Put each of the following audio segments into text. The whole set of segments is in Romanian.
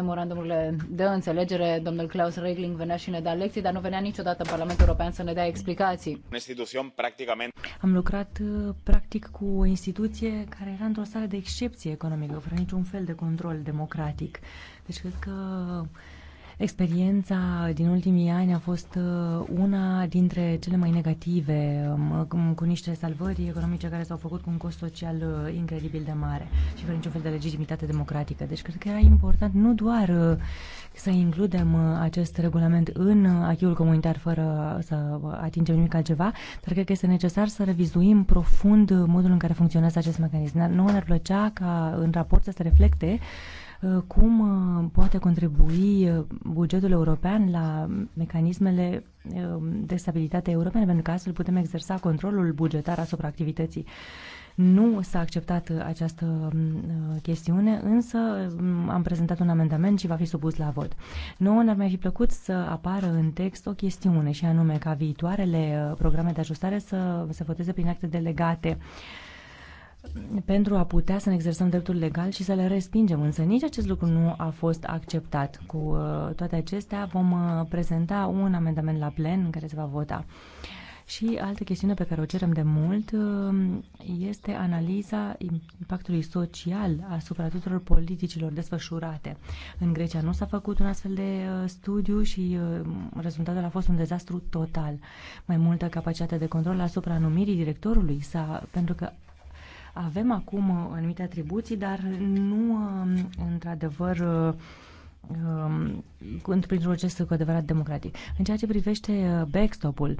memorandumurile de înțelegere, domnul Klaus Regling venea și ne da lecții, dar nu venea niciodată în Parlamentul European să ne dea explicații. Am lucrat uh, practic cu o instituție care era într-o stare de excepție economică, fără niciun fel de control democratic. Deci cred că Experiența din ultimii ani a fost uh, una dintre cele mai negative, um, um, cu niște salvări economice care s-au făcut cu un cost social uh, incredibil de mare și fără niciun fel de legitimitate democratică. Deci cred că era important nu doar uh, să includem acest regulament în achiul comunitar fără să atingem nimic altceva, dar cred că este necesar să revizuim profund modul în care funcționează acest mecanism. Nu ne-ar plăcea ca în raport să se reflecte uh, Uh, cum uh, poate contribui uh, bugetul european la mecanismele um, de stabilitate europene, pentru că astfel putem exersa controlul bugetar asupra activității. Nu s-a acceptat această um, chestiune, însă um, am prezentat un amendament și va fi supus la vot. Nouă ne-ar mai fi plăcut să apară în text o chestiune și anume ca viitoarele programe de ajustare să se voteze prin acte delegate pentru a putea să ne exersăm dreptul legal și să le respingem. Însă nici acest lucru nu a fost acceptat. Cu uh, toate acestea vom uh, prezenta un amendament la plen în care se va vota. Și altă chestiune pe care o cerem de mult uh, este analiza impactului social asupra tuturor politicilor desfășurate. În Grecia nu s-a făcut un astfel de studiu și rezultatul a fost un dezastru total. Mai multă capacitate de control asupra numirii directorului, pentru că avem acum uh, anumite atribuții, dar nu, um, într-adevăr, uh, um, într un proces cu adevărat democratic. În ceea ce privește uh, backstop-ul, uh,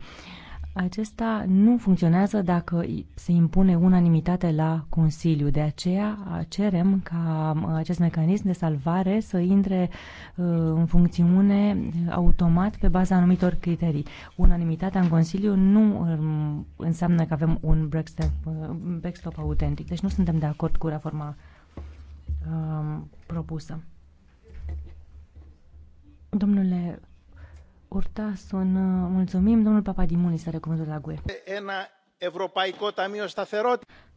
acesta nu funcționează dacă se impune unanimitate la Consiliu. De aceea cerem ca acest mecanism de salvare să intre ă, în funcțiune automat pe baza anumitor criterii. Unanimitatea în Consiliu nu um, înseamnă că avem ă, un backstop, autentic. Deci nu suntem de acord cu reforma um, propusă. Domnule Urtasun, mulțumim. Domnul Papadimulis să recomandă la GUE.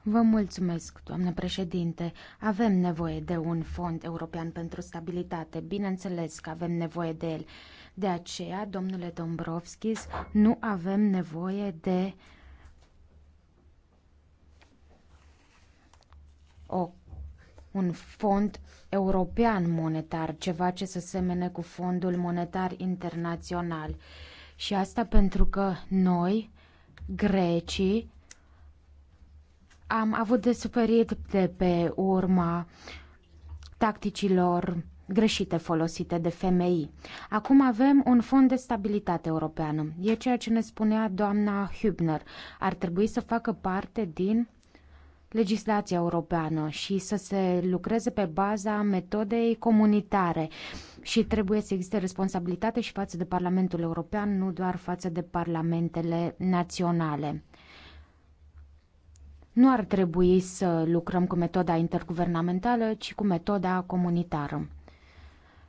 Vă mulțumesc, doamnă președinte. Avem nevoie de un fond european pentru stabilitate. Bineînțeles că avem nevoie de el. De aceea, domnule Dombrovskis, nu avem nevoie de o un fond european monetar, ceva ce se semene cu fondul monetar internațional. Și asta pentru că noi, grecii, am avut de suferit de pe urma tacticilor greșite folosite de femei. Acum avem un fond de stabilitate europeană. E ceea ce ne spunea doamna Hübner. Ar trebui să facă parte din legislația europeană și să se lucreze pe baza metodei comunitare și trebuie să existe responsabilitate și față de Parlamentul European, nu doar față de parlamentele naționale. Nu ar trebui să lucrăm cu metoda interguvernamentală, ci cu metoda comunitară.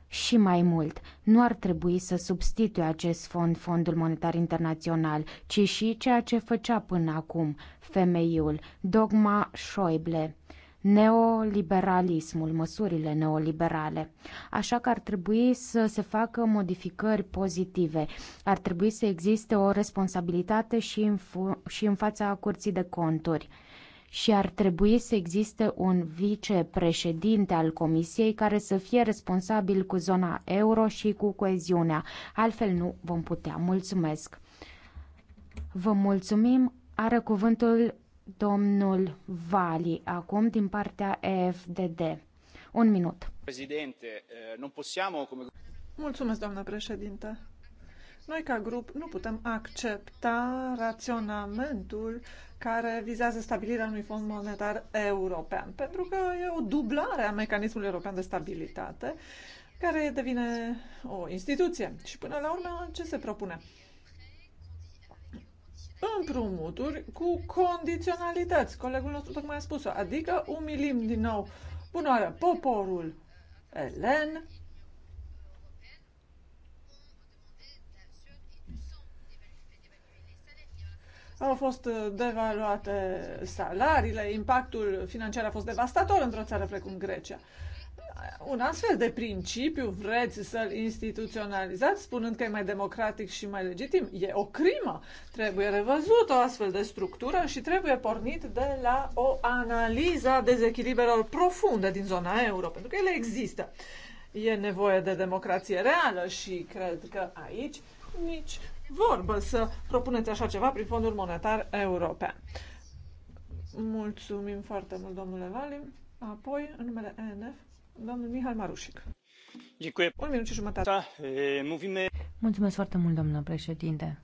Și mai mult, nu ar trebui să substituie acest fond Fondul Monetar Internațional, ci și ceea ce făcea până acum femeiul, dogma Schäuble neoliberalismul, măsurile neoliberale. Așa că ar trebui să se facă modificări pozitive. Ar trebui să existe o responsabilitate și în, și în fața curții de conturi și ar trebui să existe un vicepreședinte al Comisiei care să fie responsabil cu zona euro și cu coeziunea. Altfel nu vom putea. Mulțumesc! Vă mulțumim! Are cuvântul domnul Vali, acum din partea EFDD. Un minut. Președinte, eh, nu possiamo... Mulțumesc, doamnă președinte. Noi, ca grup, nu putem accepta raționamentul care vizează stabilirea unui fond monetar european, pentru că e o dublare a mecanismului european de stabilitate, care devine o instituție. Și până la urmă, ce se propune? Împrumuturi cu condiționalități. Colegul nostru tocmai a spus-o, adică umilim din nou, bunoară, poporul elen, au fost uh, devaluate salariile, impactul financiar a fost devastator într-o țară precum Grecia. Un astfel de principiu vreți să-l instituționalizați, spunând că e mai democratic și mai legitim? E o crimă. Trebuie revăzut o astfel de structură și trebuie pornit de la o analiză a dezechilibrelor profunde din zona euro, pentru că ele există. E nevoie de democrație reală și cred că aici nici vorbă să propuneți așa ceva prin Fondul Monetar European. Mulțumim foarte mult, domnule Valim. Apoi, în numele ENF, domnul Mihal Marușic. Un minut și jumătate. Mulțumesc foarte mult, domnule președinte.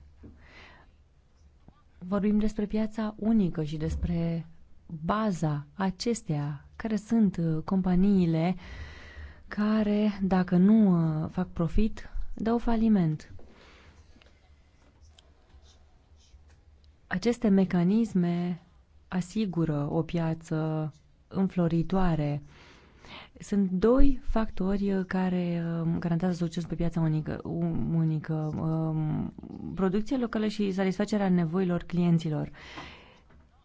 Vorbim despre piața unică și despre baza acestea, care sunt uh, companiile care, dacă nu uh, fac profit, dau faliment. Aceste mecanisme asigură o piață înfloritoare. Sunt doi factori care um, garantează succes pe piața unică, um, unică um, producția locală și satisfacerea nevoilor clienților.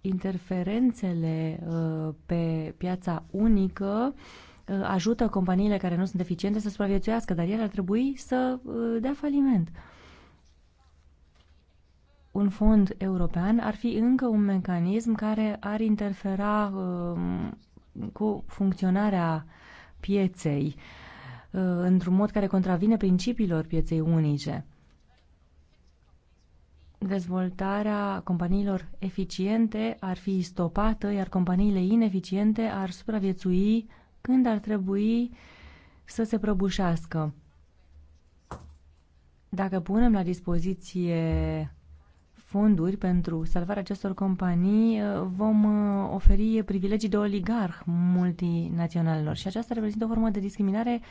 Interferențele uh, pe piața unică uh, ajută companiile care nu sunt eficiente să supraviețuiască, dar ele ar trebui să uh, dea faliment un fond european ar fi încă un mecanism care ar interfera um, cu funcționarea pieței uh, într-un mod care contravine principiilor pieței unice. Dezvoltarea companiilor eficiente ar fi stopată, iar companiile ineficiente ar supraviețui când ar trebui să se prăbușească. Dacă punem la dispoziție fonduri pentru salvarea acestor companii, uh, vom uh, oferi privilegii de oligarh multinaționalilor și aceasta reprezintă o formă de discriminare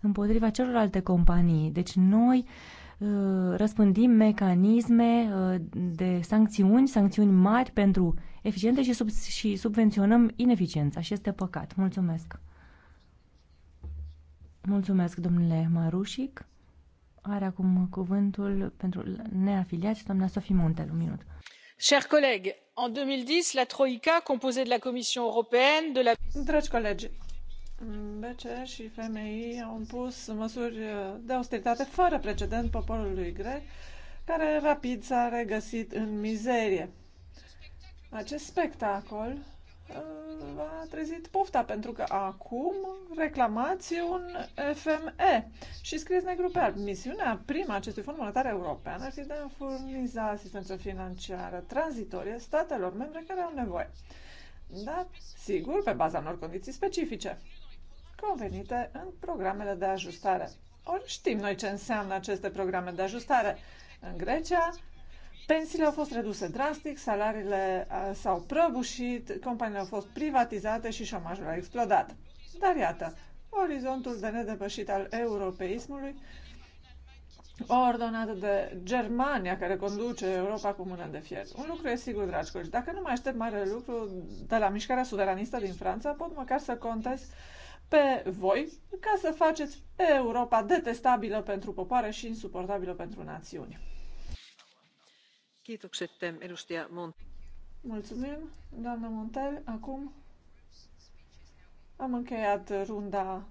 împotriva celorlalte companii. Deci noi uh, răspândim mecanisme de sancțiuni, sancțiuni mari pentru eficiente și, sub, și subvenționăm ineficiența și este păcat. Mulțumesc! Mulțumesc, domnule Marușic. Are acum cuvântul pentru neafiliați doamna Sofie Montel, un minut. Chers collègues, en 2010, la Troïka, composée de la Commission européenne, de la... Dragi colegi, BCE și FMI au impus măsuri de austeritate fără precedent poporului grec, care rapid s-a regăsit în mizerie. Acest spectacol v-a trezit pofta, pentru că acum reclamați un FME și scrieți negru pe alb. Misiunea prima acestui Fond Monetar European ar fi de a furniza asistență financiară tranzitorie statelor membre care au nevoie. Dar, sigur, pe baza unor condiții specifice, convenite în programele de ajustare. Ori știm noi ce înseamnă aceste programe de ajustare. În Grecia, Pensiile au fost reduse drastic, salariile s-au prăbușit, companiile au fost privatizate și șomajul a explodat. Dar iată, orizontul de nedepășit al europeismului, ordonat de Germania, care conduce Europa cu mână de fier. Un lucru e sigur, dragi colegi, dacă nu mai aștept mare lucru de la mișcarea suveranistă din Franța, pot măcar să contez pe voi ca să faceți Europa detestabilă pentru popoare și insuportabilă pentru națiuni. Mulțumim, doamnă Montel. Acum am încheiat runda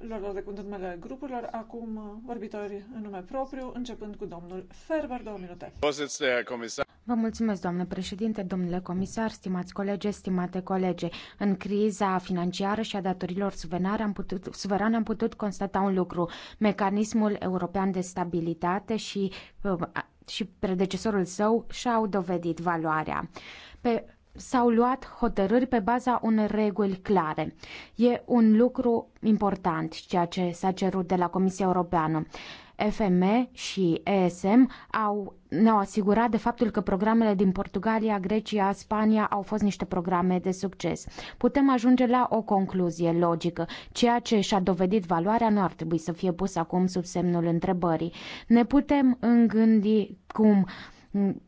lor de cuvânt numele grupurilor. Acum vorbitori în nume propriu, începând cu domnul Ferber, două minute. Vă mulțumesc, doamnă președinte, domnule comisar, stimați colegi, stimate colege. În criza financiară și a datorilor suverane am putut, suveran, am putut constata un lucru. Mecanismul european de stabilitate și, uh, și predecesorul său și-au dovedit valoarea. Pe s-au luat hotărâri pe baza unei reguli clare. E un lucru important ceea ce s-a cerut de la Comisia Europeană. FME și ESM au ne-au asigurat de faptul că programele din Portugalia, Grecia, Spania au fost niște programe de succes. Putem ajunge la o concluzie logică. Ceea ce și-a dovedit valoarea nu ar trebui să fie pus acum sub semnul întrebării. Ne putem îngândi cum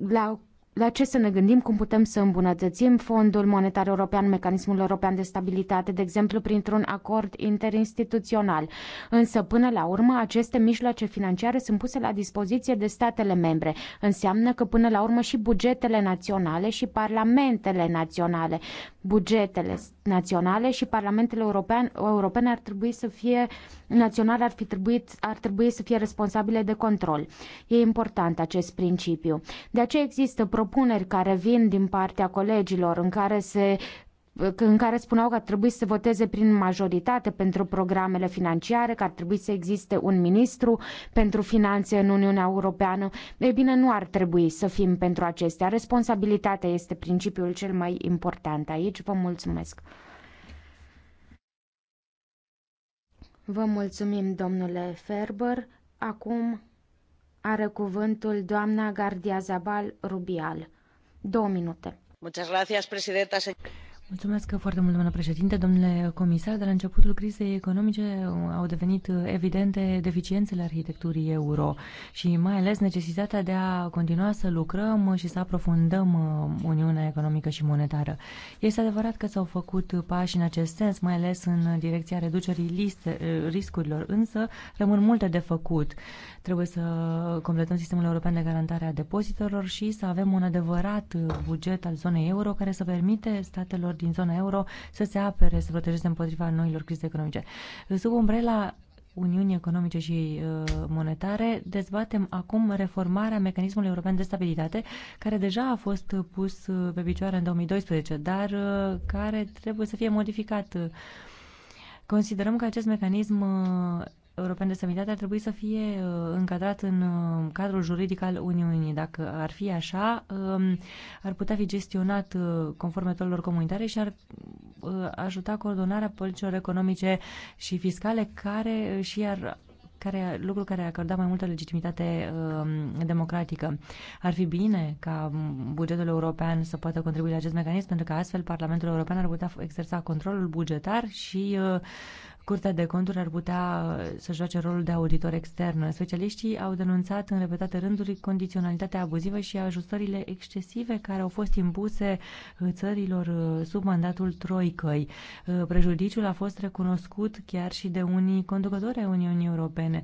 la la ce să ne gândim, cum putem să îmbunătățim Fondul Monetar European, Mecanismul European de Stabilitate, de exemplu, printr-un acord interinstituțional. Însă, până la urmă, aceste mijloace financiare sunt puse la dispoziție de statele membre. Înseamnă că, până la urmă, și bugetele naționale și parlamentele naționale, bugetele naționale și parlamentele european, europene ar trebui să fie naționale ar, fi trebuit, ar trebui să fie responsabile de control. E important acest principiu. De aceea există propuneri care vin din partea colegilor în care se în care spuneau că ar trebui să voteze prin majoritate pentru programele financiare, că ar trebui să existe un ministru pentru finanțe în Uniunea Europeană. Ei bine, nu ar trebui să fim pentru acestea. Responsabilitatea este principiul cel mai important aici. Vă mulțumesc! Vă mulțumim, domnule Ferber. Acum are cuvântul doamna gardiazabal Rubial. Două minute. Muchas gracias, presidenta. Mulțumesc foarte mult, doamnă președinte. Domnule comisar, de la începutul crizei economice au devenit evidente deficiențele arhitecturii euro și mai ales necesitatea de a continua să lucrăm și să aprofundăm uh, Uniunea Economică și Monetară. Este adevărat că s-au făcut pași în acest sens, mai ales în direcția reducerii liste, uh, riscurilor, însă rămân multe de făcut. Trebuie să completăm sistemul european de garantare a depozitelor și să avem un adevărat uh, buget al zonei euro care să permite statelor din zona euro să se apere, să protejeze împotriva noilor crize economice. Sub umbrela Uniunii Economice și uh, Monetare, dezbatem acum reformarea mecanismului european de stabilitate, care deja a fost pus uh, pe picioare în 2012, dar uh, care trebuie să fie modificat. Considerăm că acest mecanism European de Sănătate ar trebui să fie uh, încadrat în uh, cadrul juridic al Uniunii. Dacă ar fi așa, um, ar putea fi gestionat uh, conform metodelor comunitare și ar ajuta coordonarea politicilor economice și fiscale care și ar care, lucru care acorda mai multă legitimitate uh, democratică. Ar fi bine ca bugetul european să poată contribui la acest mecanism, pentru că astfel Parlamentul European ar putea exersa controlul bugetar și uh, Curtea de conturi ar putea uh, să joace rolul de auditor extern. Specialiștii au denunțat în repetate rânduri condiționalitatea abuzivă și ajustările excesive care au fost impuse uh, țărilor uh, sub mandatul Troicăi. Prejudiciul a fost recunoscut chiar și de unii conducători ai Uniunii Europene.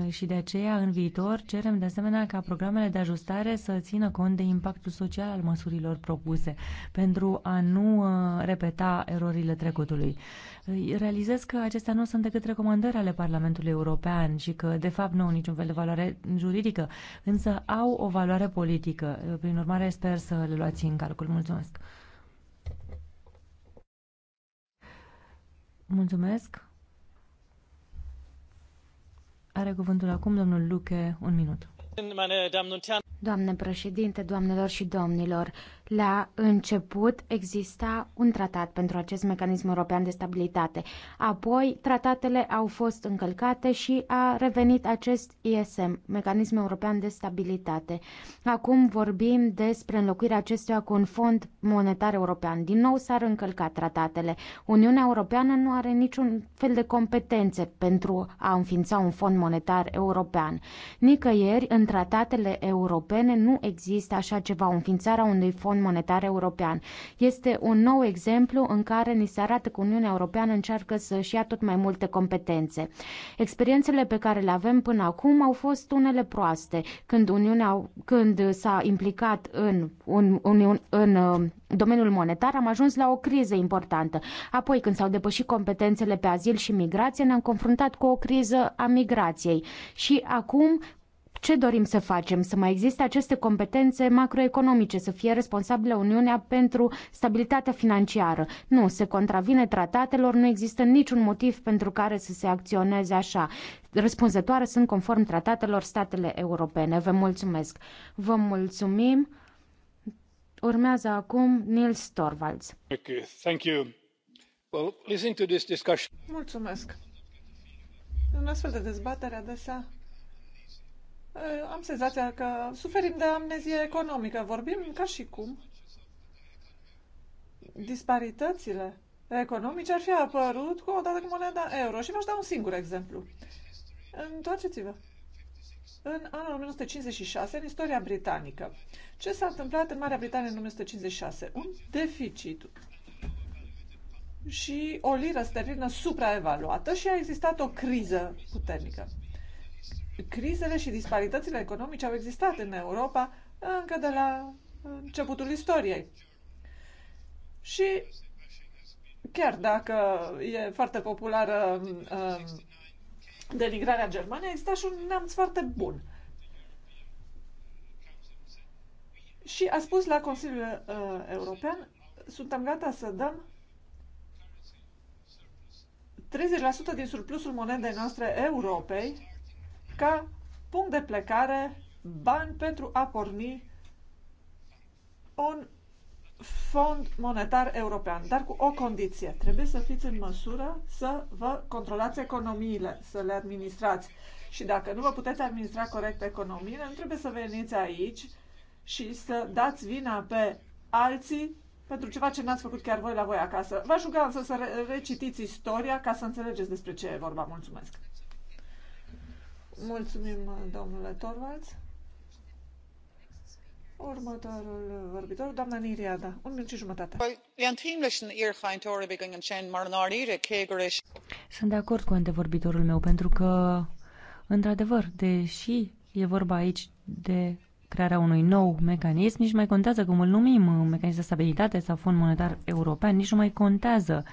Uh, și de aceea în viitor cerem de asemenea ca programele de ajustare să țină cont de impactul social al măsurilor propuse pentru a nu uh, repeta erorile trecutului. Uh, realizez că acestea nu sunt decât recomandări ale Parlamentului European și că de fapt nu au niciun fel de valoare juridică, însă au o valoare politică. Prin urmare sper să le luați în calcul. Mulțumesc! Mulțumesc! Are cuvântul acum domnul Luche, un minut. Doamnă președinte, doamnelor și domnilor, la început exista un tratat pentru acest mecanism european de stabilitate. Apoi, tratatele au fost încălcate și a revenit acest ISM, mecanism european de stabilitate. Acum vorbim despre înlocuirea acestuia cu un fond monetar european. Din nou s-ar încălca tratatele. Uniunea Europeană nu are niciun fel de competențe pentru a înființa un fond monetar european. Nicăieri, în tratatele europene, nu există așa ceva, înființarea unui fond Fond Monetar European. Este un nou exemplu în care ni se arată că Uniunea Europeană încearcă să-și ia tot mai multe competențe. Experiențele pe care le avem până acum au fost unele proaste, când, Uniunea, când s-a implicat în, un, un, în uh, domeniul monetar, am ajuns la o criză importantă. Apoi, când s-au depășit competențele pe azil și migrație, ne-am confruntat cu o criză a migrației. Și acum, ce dorim să facem? Să mai existe aceste competențe macroeconomice, să fie responsabilă Uniunea pentru stabilitatea financiară. Nu, se contravine tratatelor, nu există niciun motiv pentru care să se acționeze așa. Răspunzătoare sunt conform tratatelor statele europene. Vă mulțumesc. Vă mulțumim. Urmează acum Nils Torvalds. Thank you. Well, listen to this discussion. Mulțumesc. În astfel de dezbatere adesea Eh, am senzația că suferim de amnezie economică. Vorbim ca și cum disparitățile economice ar fi apărut cu o dată cu moneda euro. Și v-aș da un singur exemplu. Întoarceți-vă. În anul 1956, în istoria britanică, ce s-a întâmplat în Marea Britanie în 1956? Un deficit și o liră sterlină supraevaluată și a existat o criză puternică. Crizele și disparitățile economice au existat în Europa încă de la începutul istoriei. Și chiar dacă e foarte populară um, denigrarea Germaniei, exista și un neamț foarte bun. Și a spus la Consiliul uh, European, suntem gata să dăm 30% din surplusul monedei noastre europei ca punct de plecare bani pentru a porni un fond monetar european, dar cu o condiție. Trebuie să fiți în măsură să vă controlați economiile, să le administrați. Și dacă nu vă puteți administra corect economiile, nu trebuie să veniți aici și să dați vina pe alții pentru ceva ce n-ați făcut chiar voi la voi acasă. V-aș ruga să recitiți istoria ca să înțelegeți despre ce e vorba. Mulțumesc! Mulțumim, domnule Torvalds. Următorul vorbitor, doamna Niriada, un minut și jumătate. Sunt de acord cu antevorbitorul meu, pentru că, într-adevăr, deși e vorba aici de crearea unui nou mecanism, nici mai contează cum îl numim, mecanism de stabilitate sau fond monetar european, nici nu mai contează uh,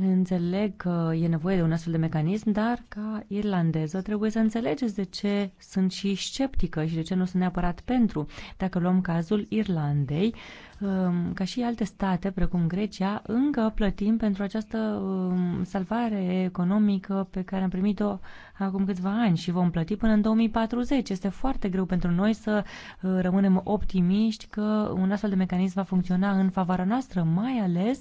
Înțeleg că e nevoie de un astfel de mecanism, dar ca irlandeză trebuie să înțelegeți de ce sunt și sceptică și de ce nu sunt neapărat pentru. Dacă luăm cazul Irlandei, um, ca și alte state, precum Grecia, încă plătim pentru această um, salvare economică pe care am primit-o acum câțiva ani și vom plăti până în 2040. Este foarte greu pentru noi să uh, rămânem optimiști că un astfel de mecanism va funcționa în favoarea noastră, mai ales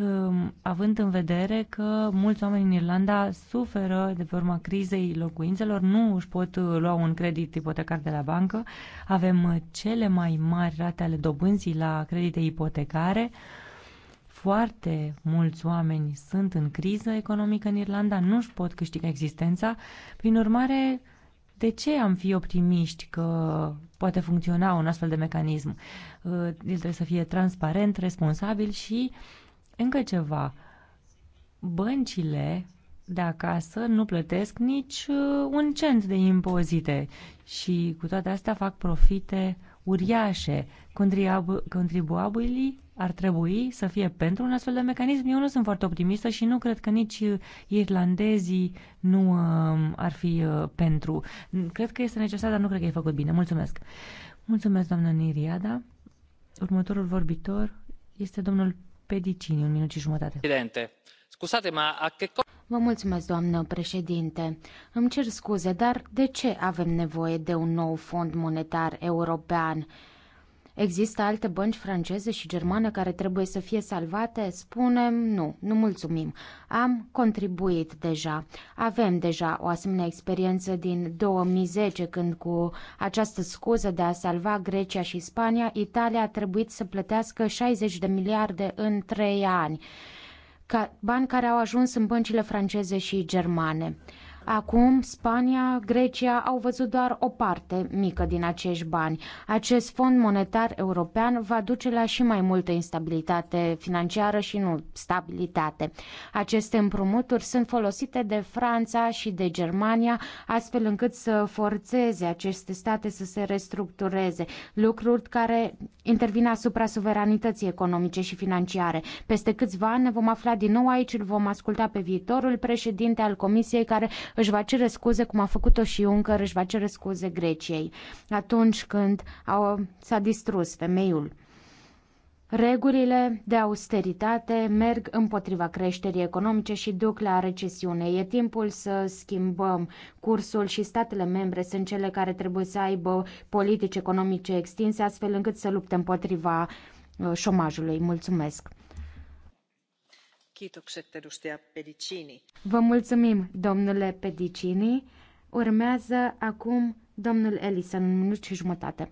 Um, având în vedere că mulți oameni în Irlanda suferă de pe urma crizei locuințelor, nu își pot uh, lua un credit ipotecar de la bancă, avem uh, cele mai mari rate ale dobânzii la credite ipotecare, foarte mulți oameni sunt în criză economică în Irlanda, nu își pot câștiga existența, prin urmare, de ce am fi optimiști că poate funcționa un astfel de mecanism? Uh, el trebuie să fie transparent, responsabil și încă ceva. Băncile de acasă nu plătesc nici uh, un cent de impozite și cu toate astea fac profite uriașe. Contribuabilii ar trebui să fie pentru un astfel de mecanism. Eu nu sunt foarte optimistă și nu cred că nici uh, irlandezii nu um, ar fi uh, pentru. Cred că este necesar, dar nu cred că e făcut bine. Mulțumesc. Mulțumesc, doamnă Niriada. Următorul vorbitor este domnul Pedicini, un minut și jumătate. Evidente. Scusate, ma a che co- Vă mulțumesc, doamnă președinte. Îmi cer scuze, dar de ce avem nevoie de un nou fond monetar european? Există alte bănci franceze și germane care trebuie să fie salvate? Spunem nu, nu mulțumim. Am contribuit deja. Avem deja o asemenea experiență din 2010 când cu această scuză de a salva Grecia și Spania, Italia a trebuit să plătească 60 de miliarde în 3 ani. Ca, bani care au ajuns în băncile franceze și germane. Acum, Spania, Grecia au văzut doar o parte mică din acești bani. Acest fond monetar european va duce la și mai multă instabilitate financiară și nu stabilitate. Aceste împrumuturi sunt folosite de Franța și de Germania, astfel încât să forțeze aceste state să se restructureze, lucruri care intervin asupra suveranității economice și financiare. Peste câțiva ani ne vom afla din nou aici, îl vom asculta pe viitorul președinte al Comisiei care își va cere scuze, cum a făcut-o și Juncker, își va cere scuze Greciei atunci când au, s-a distrus femeiul. Regulile de austeritate merg împotriva creșterii economice și duc la recesiune. E timpul să schimbăm cursul și statele membre sunt cele care trebuie să aibă politici economice extinse astfel încât să lupte împotriva uh, șomajului. Mulțumesc! Vă mulțumim, domnule Pedicini. Urmează acum domnul Ellison, un minut și jumătate.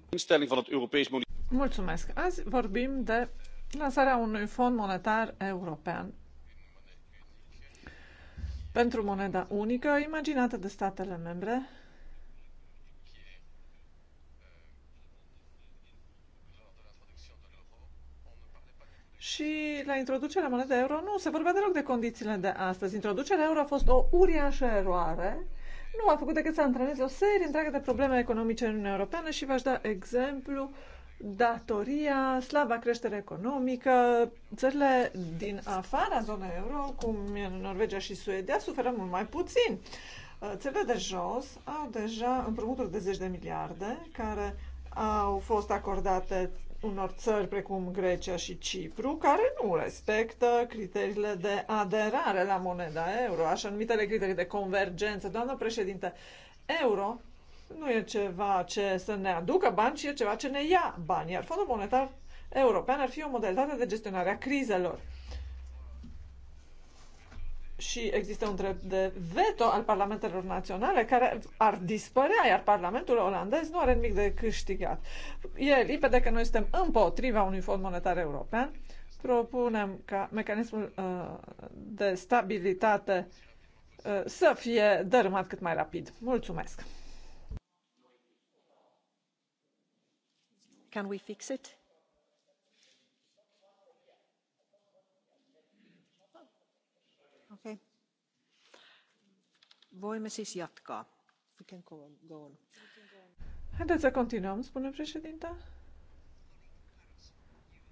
Mulțumesc. Azi vorbim de lansarea unui fond monetar european pentru moneda unică imaginată de statele membre Și la introducerea monedei euro nu se vorbea deloc de condițiile de astăzi. Introducerea euro a fost o uriașă eroare. Nu a făcut decât să antreneze o serie întreagă de probleme economice în Uniunea Europeană și v-aș da exemplu datoria, slaba creștere economică. Țările din afara zonei euro, cum e Norvegia și Suedia, suferă mult mai puțin. Uh, țările de jos au deja împrumuturi de zeci de miliarde care au fost acordate unor țări precum Grecia și Cipru, care nu respectă criteriile de aderare la moneda euro, așa numitele criterii de convergență. Doamnă președinte, euro nu e ceva ce să ne aducă bani, ci e ceva ce ne ia bani, iar Fondul Monetar European ar fi o modalitate de gestionare a crizelor și există un drept de veto al parlamentelor naționale care ar dispărea, iar parlamentul olandez nu are nimic de câștigat. E limpede că noi suntem împotriva unui fond monetar european. Propunem ca mecanismul uh, de stabilitate uh, să fie dărâmat cât mai rapid. Mulțumesc! Can we fix it? Voimme siis jatkaa. We can go on. Haideți să continuăm, spune președinta.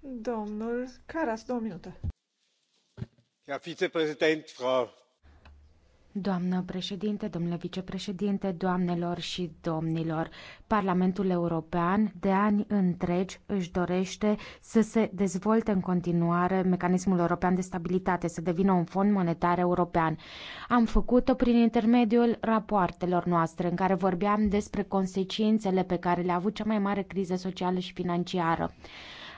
Domnul Karas, două minute. Herr Vizepräsident, Frau Doamnă președinte, domnule vicepreședinte, doamnelor și domnilor, Parlamentul European de ani întregi își dorește să se dezvolte în continuare mecanismul european de stabilitate, să devină un fond monetar european. Am făcut-o prin intermediul rapoartelor noastre în care vorbeam despre consecințele pe care le-a avut cea mai mare criză socială și financiară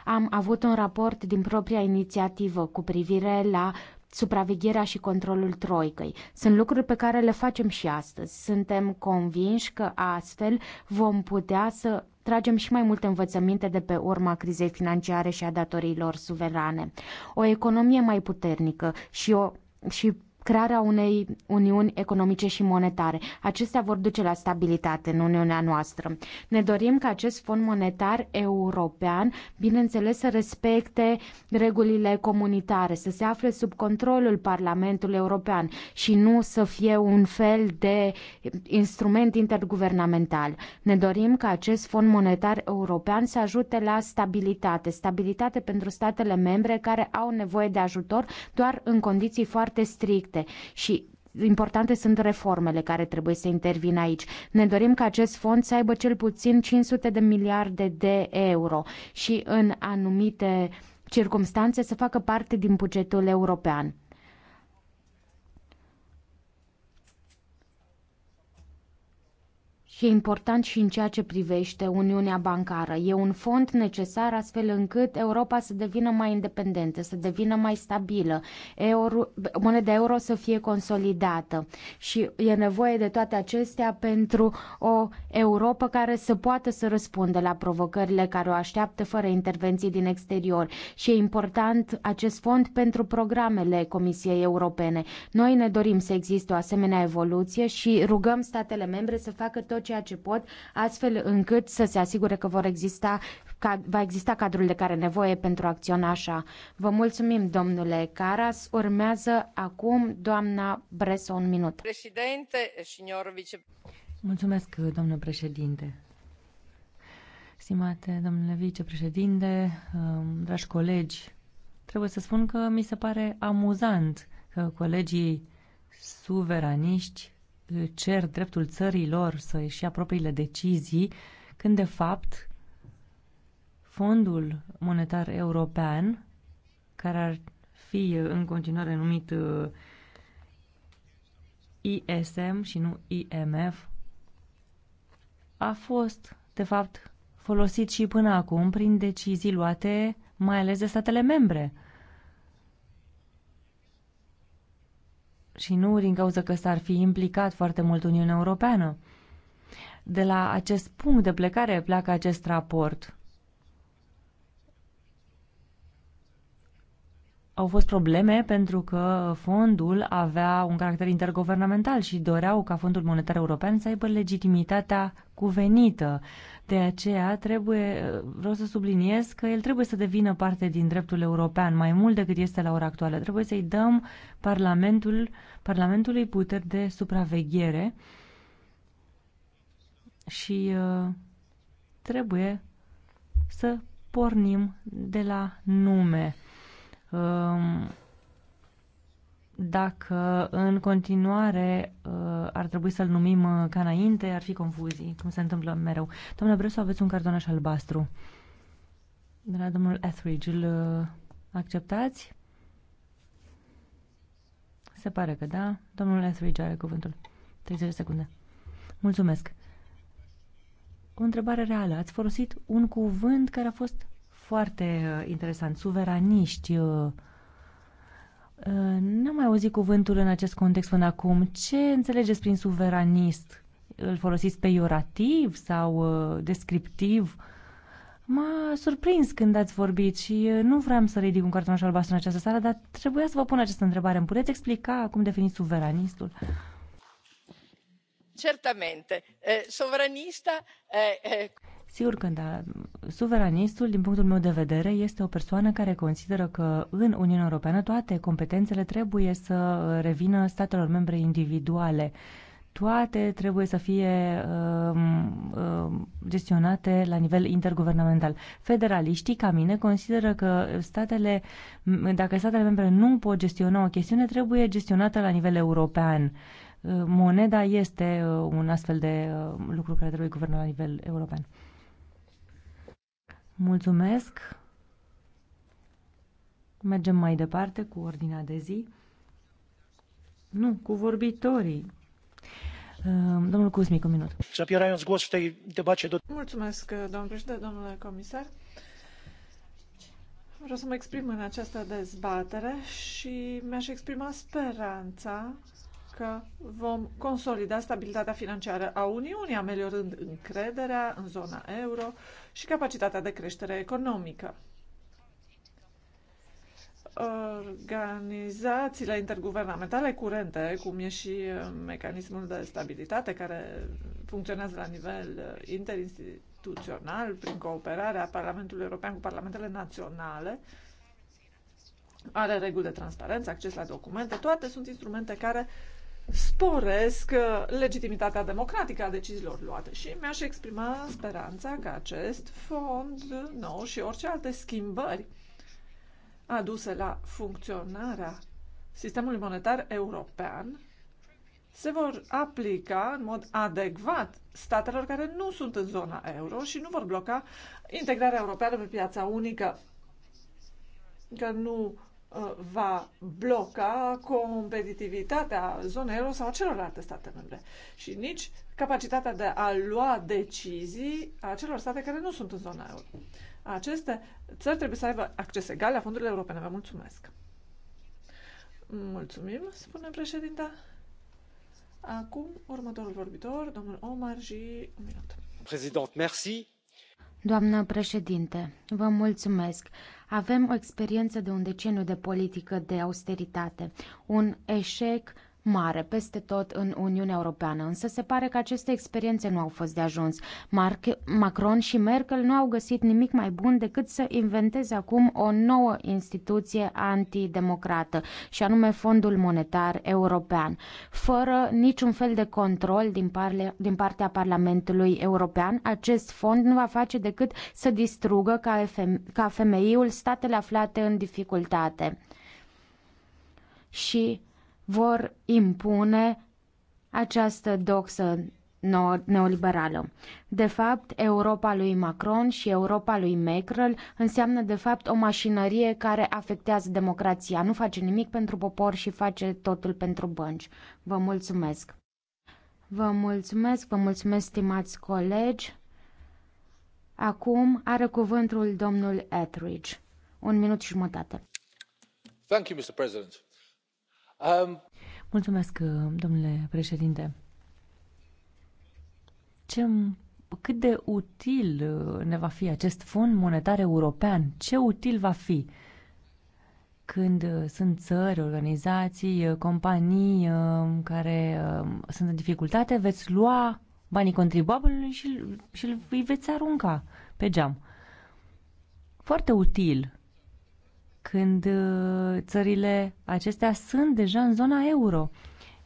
am avut un raport din propria inițiativă cu privire la supravegherea și controlul troicăi. Sunt lucruri pe care le facem și astăzi. Suntem convinși că astfel vom putea să tragem și mai multe învățăminte de pe urma crizei financiare și a datoriilor suverane. O economie mai puternică și o și crearea unei uniuni economice și monetare. Acestea vor duce la stabilitate în Uniunea noastră. Ne dorim ca acest fond monetar european, bineînțeles, să respecte regulile comunitare, să se afle sub controlul Parlamentului European și nu să fie un fel de instrument interguvernamental. Ne dorim ca acest fond monetar european să ajute la stabilitate, stabilitate pentru statele membre care au nevoie de ajutor doar în condiții foarte stricte departe și importante sunt reformele care trebuie să intervină aici. Ne dorim ca acest fond să aibă cel puțin 500 de miliarde de euro și în anumite circumstanțe să facă parte din bugetul european. E important și în ceea ce privește Uniunea Bancară. E un fond necesar astfel încât Europa să devină mai independentă, să devină mai stabilă, euro, moneda euro să fie consolidată. Și e nevoie de toate acestea pentru o Europa care să poată să răspundă la provocările care o așteaptă fără intervenții din exterior. Și e important acest fond pentru programele Comisiei Europene. Noi ne dorim să existe o asemenea evoluție și rugăm statele membre să facă tot ceea ce pot, astfel încât să se asigure că vor exista, ca, va exista cadrul de care nevoie pentru a acționa așa. Vă mulțumim, domnule Caras. Urmează acum doamna Bresa un minut. Președinte, signor vice... Mulțumesc, domnule președinte. Stimate domnule vicepreședinte, um, dragi colegi, trebuie să spun că mi se pare amuzant că colegii suveraniști cer dreptul țărilor să își ia propriile decizii, când de fapt Fondul Monetar European, care ar fi uh, în continuare numit uh, ISM și nu IMF, a fost, de fapt, folosit și până acum prin decizii luate mai ales de statele membre. și nu din cauza că s-ar fi implicat foarte mult Uniunea Europeană. De la acest punct de plecare pleacă acest raport au fost probleme pentru că fondul avea un caracter interguvernamental și doreau ca Fondul Monetar European să aibă legitimitatea cuvenită. De aceea trebuie, vreau să subliniez că el trebuie să devină parte din dreptul european, mai mult decât este la ora actuală. Trebuie să-i dăm parlamentul, Parlamentului puteri de supraveghere și uh, trebuie să pornim de la nume Um, dacă în continuare uh, ar trebui să-l numim uh, ca înainte, ar fi confuzii, cum se întâmplă mereu. Doamna să aveți un cartonaș albastru de la domnul Etheridge. Îl uh, acceptați? Se pare că da. Domnul Etheridge are cuvântul. 30 secunde. Mulțumesc. O întrebare reală. Ați folosit un cuvânt care a fost foarte uh, interesant, suveraniști. Uh, uh, n-am mai auzit cuvântul în acest context până acum. Ce înțelegeți prin suveranist? Îl folosiți peiorativ sau descriptiv? M-a surprins când ați vorbit și nu vreau să ridic un cartonaș albastru în această seară, dar trebuia să vă pun această întrebare. Îmi puteți explica cum definiți suveranistul? Certamente. Eh, sovranista... Eh, eh... Sigur, că da, suveranistul, din punctul meu de vedere, este o persoană care consideră că în Uniunea Europeană toate competențele trebuie să revină statelor membre individuale. Toate trebuie să fie uh, uh, gestionate la nivel interguvernamental. Federaliștii, ca mine, consideră că statele, dacă statele membre nu pot gestiona o chestiune, trebuie gestionată la nivel european. Uh, moneda este uh, un astfel de uh, lucru care trebuie guvernat la nivel european. Mulțumesc. Mergem mai departe cu ordinea de zi. Nu, cu vorbitorii. Ehm, domnul Cusmic, un minut. Să Mulțumesc, domnul președinte, domnule comisar. Vreau să mă exprim în această dezbatere și mi-aș exprima speranța că vom consolida stabilitatea financiară a Uniunii, ameliorând încrederea în zona euro și capacitatea de creștere economică. Organizațiile interguvernamentale curente, cum e și uh, mecanismul de stabilitate care funcționează la nivel uh, interinstituțional prin cooperarea Parlamentului European cu parlamentele naționale, are reguli de transparență, acces la documente, toate sunt instrumente care sporesc uh, legitimitatea democratică a deciziilor luate și mi-aș exprima speranța că acest fond nou și orice alte schimbări aduse la funcționarea sistemului monetar european se vor aplica în mod adecvat statelor care nu sunt în zona euro și nu vor bloca integrarea europeană pe piața unică, că nu Uh, va bloca competitivitatea zonei euro sau a celorlalte state membre și nici capacitatea de a lua decizii a celor state care nu sunt în zona euro. Aceste țări trebuie să aibă acces egal la fondurile europene. Vă mulțumesc! Mulțumim, spune președinta. Acum, următorul vorbitor, domnul Omar și un minut. merci. Doamnă președinte, vă mulțumesc. Avem o experiență de un deceniu de politică de austeritate, un eșec mare peste tot în Uniunea Europeană, însă se pare că aceste experiențe nu au fost de ajuns. Mark, Macron și Merkel nu au găsit nimic mai bun decât să inventeze acum o nouă instituție antidemocrată, și anume Fondul Monetar European, fără niciun fel de control din, parle- din partea Parlamentului European. Acest fond nu va face decât să distrugă ca, FM- ca femeiul statele aflate în dificultate. Și vor impune această doxă neoliberală. De fapt, Europa lui Macron și Europa lui Merkel înseamnă de fapt o mașinărie care afectează democrația, nu face nimic pentru popor și face totul pentru bănci. Vă mulțumesc! Vă mulțumesc, vă mulțumesc, stimați colegi! Acum are cuvântul domnul Etheridge. Un minut și jumătate. Thank you, Mr. President. Um... Mulțumesc, domnule președinte. Ce, cât de util uh, ne va fi acest fond monetar european? Ce util va fi? când uh, sunt țări, organizații, uh, companii care sunt în dificultate, veți lua banii contribuabilului și, și îi veți arunca pe geam. Foarte util când uh, țările acestea sunt deja în zona euro.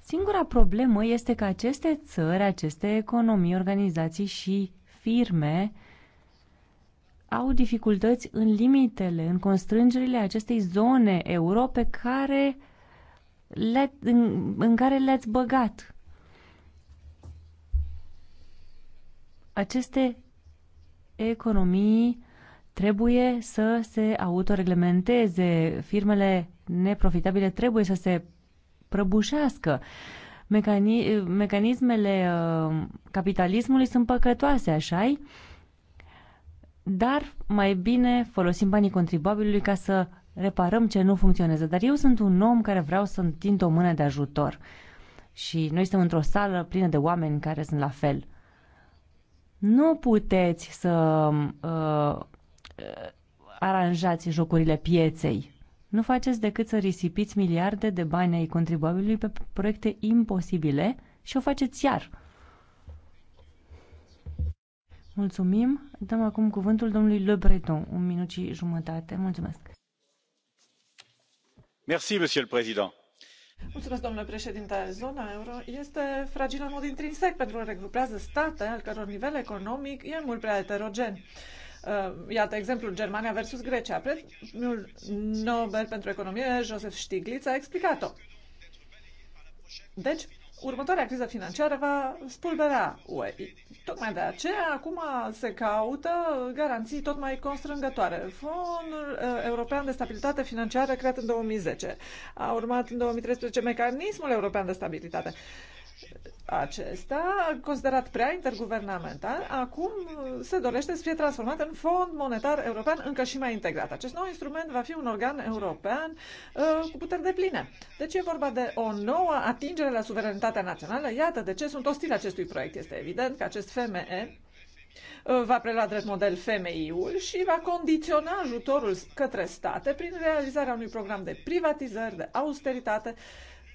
Singura problemă este că aceste țări, aceste economii, organizații și firme au dificultăți în limitele, în constrângerile acestei zone euro pe care le, în, în care le-ați băgat. Aceste economii Trebuie să se autoreglementeze, firmele neprofitabile trebuie să se prăbușească. Mecani- mecanismele uh, capitalismului sunt păcătoase, așa Dar mai bine folosim banii contribuabilului ca să reparăm ce nu funcționează. Dar eu sunt un om care vreau să întind o mână de ajutor. Și noi suntem într-o sală plină de oameni care sunt la fel. Nu puteți să uh, Uh, aranjați jocurile pieței. Nu faceți decât să risipiți miliarde de bani ai contribuabilului pe proiecte imposibile și o faceți iar. Mulțumim. Dăm acum cuvântul domnului Le Breton. Un minut și jumătate. Mulțumesc. Merci, monsieur le président. Mulțumesc, domnule președinte. Zona euro este fragilă în mod intrinsec pentru că regrupează state al căror nivel economic e mult prea heterogen. Uh, iată exemplul Germania versus Grecia. Premiul Nobel pentru economie, Joseph Stiglitz, a explicat-o. Deci, următoarea criză financiară va spulbera UE. Tocmai de aceea, acum se caută garanții tot mai constrângătoare. Fondul uh, European de Stabilitate Financiară creat în 2010. A urmat în 2013 mecanismul european de stabilitate acesta, considerat prea interguvernamental, acum se dorește să fie transformat în fond monetar european încă și mai integrat. Acest nou instrument va fi un organ european uh, cu puteri de pline. Deci e vorba de o nouă atingere la suveranitatea națională. Iată de ce sunt ostile acestui proiect. Este evident că acest FME uh, va prelua drept model FMI-ul și va condiționa ajutorul către state prin realizarea unui program de privatizări, de austeritate,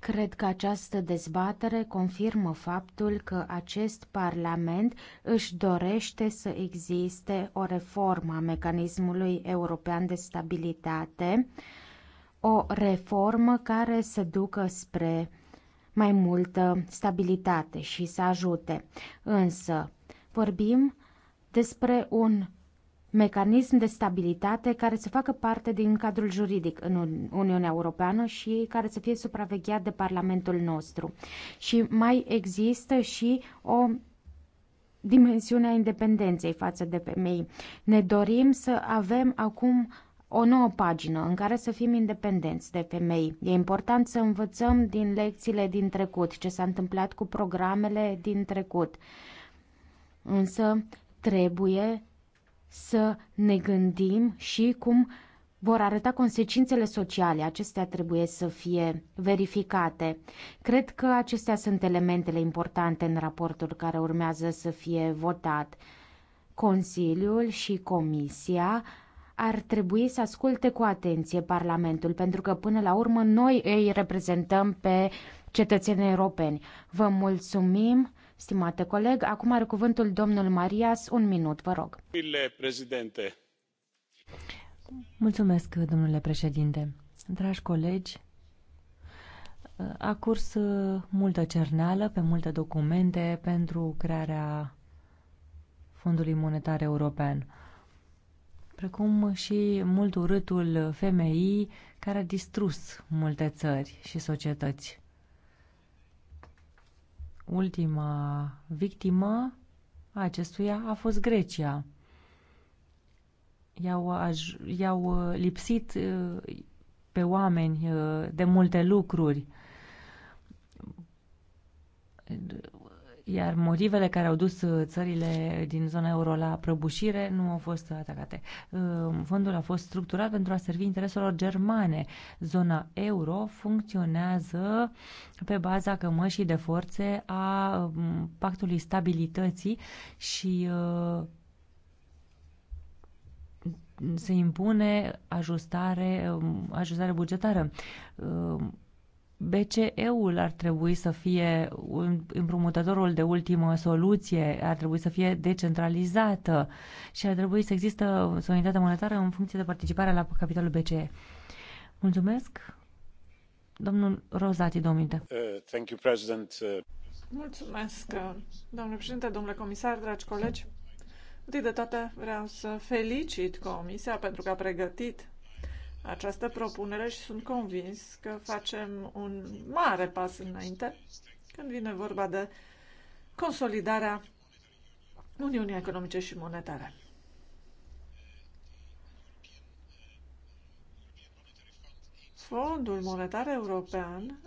Cred că această dezbatere confirmă faptul că acest Parlament își dorește să existe o reformă a mecanismului european de stabilitate, o reformă care să ducă spre mai multă stabilitate și să ajute. Însă, vorbim despre un mecanism de stabilitate care să facă parte din cadrul juridic în Uniunea Europeană și care să fie supravegheat de Parlamentul nostru. Și mai există și o dimensiunea independenței față de femei. Ne dorim să avem acum o nouă pagină în care să fim independenți de femei. E important să învățăm din lecțiile din trecut, ce s-a întâmplat cu programele din trecut. Însă trebuie să ne gândim și cum vor arăta consecințele sociale. Acestea trebuie să fie verificate. Cred că acestea sunt elementele importante în raportul care urmează să fie votat. Consiliul și Comisia ar trebui să asculte cu atenție Parlamentul, pentru că până la urmă noi îi reprezentăm pe cetățenii europeni. Vă mulțumim! Stimate coleg, acum are cuvântul domnul Marias. Un minut, vă rog. Președinte. Mulțumesc, domnule președinte. Dragi colegi, a curs multă cerneală pe multe documente pentru crearea Fondului Monetar European, precum și mult urâtul FMI care a distrus multe țări și societăți. Ultima victimă a acestuia a fost Grecia. I-au, i-au uh, lipsit uh, pe oameni uh, de multe lucruri iar motivele care au dus uh, țările din zona euro la prăbușire nu au fost atacate. Uh, fondul a fost structurat pentru a servi intereselor germane. Zona euro funcționează pe baza cămășii de forțe a um, pactului stabilității și uh, se impune ajustare, um, ajustare bugetară. BCE-ul ar trebui să fie împrumutătorul de ultimă soluție, ar trebui să fie decentralizată și ar trebui să există o unitate monetară în funcție de participarea la capitalul BCE. Mulțumesc. Domnul Rozati, domnule. Uh, thank you, President. Uh, Mulțumesc, uh, domnule președinte, domnule comisar, dragi colegi. Întâi de toate vreau să felicit Comisia pentru că a pregătit această propunere și sunt convins că facem un mare pas înainte când vine vorba de consolidarea Uniunii Economice și Monetare. Fondul Monetar European